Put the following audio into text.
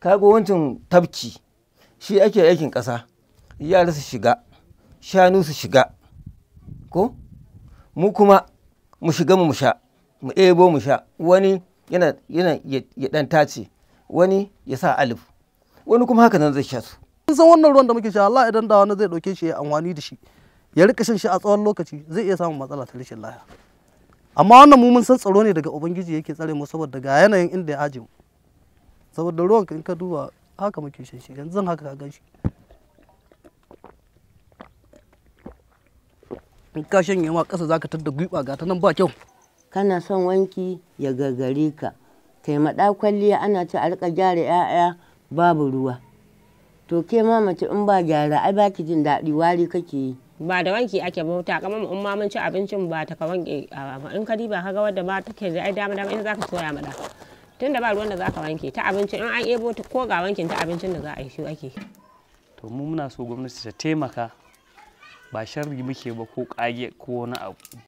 kaga wancan tafki shi ake aikin kasa yara su shiga shanu su shiga ko mu kuma mu shiga mu sha mu ebo mu sha wani yana yana ya dan tace wani ya sa alif wani kuma haka nan zai sha su kun san wannan ruwan da muke sha Allah idan da wani zai dauke shi ya amfani da shi ya rika shan shi a tsawon lokaci zai iya samun matsala ta rashin lafiya amma wannan mu mun san tsaro ne daga ubangiji yake tsare mu saboda ga yanayin inda ya aje mu saboda ruwan in ka duba haka muke shan shi yanzu haka ka gan shi in ka shanye ma ƙasa ka tadda gwiwa ga ta nan ba kyau kana son wanki ya gagare ka maɗa kwalliya ana ci a rika gyara 'ya'ya babu ruwa to ke ma mace in ba gyara ai ba ki jin daɗi wari kake yi ba da wanki ake bauta kamar in ma mun ci abincin ba ta ka wanke in ka diba kaga wadda ba take da ai dama dama in za ka soya ma tunda ba ruwan da za ka wanke ta abinci in an ebo ta ko ga wankin ta abincin da za a yi shi ake to mu muna so gwamnati ta taimaka ba sharri muke ba ko kage ko wani abu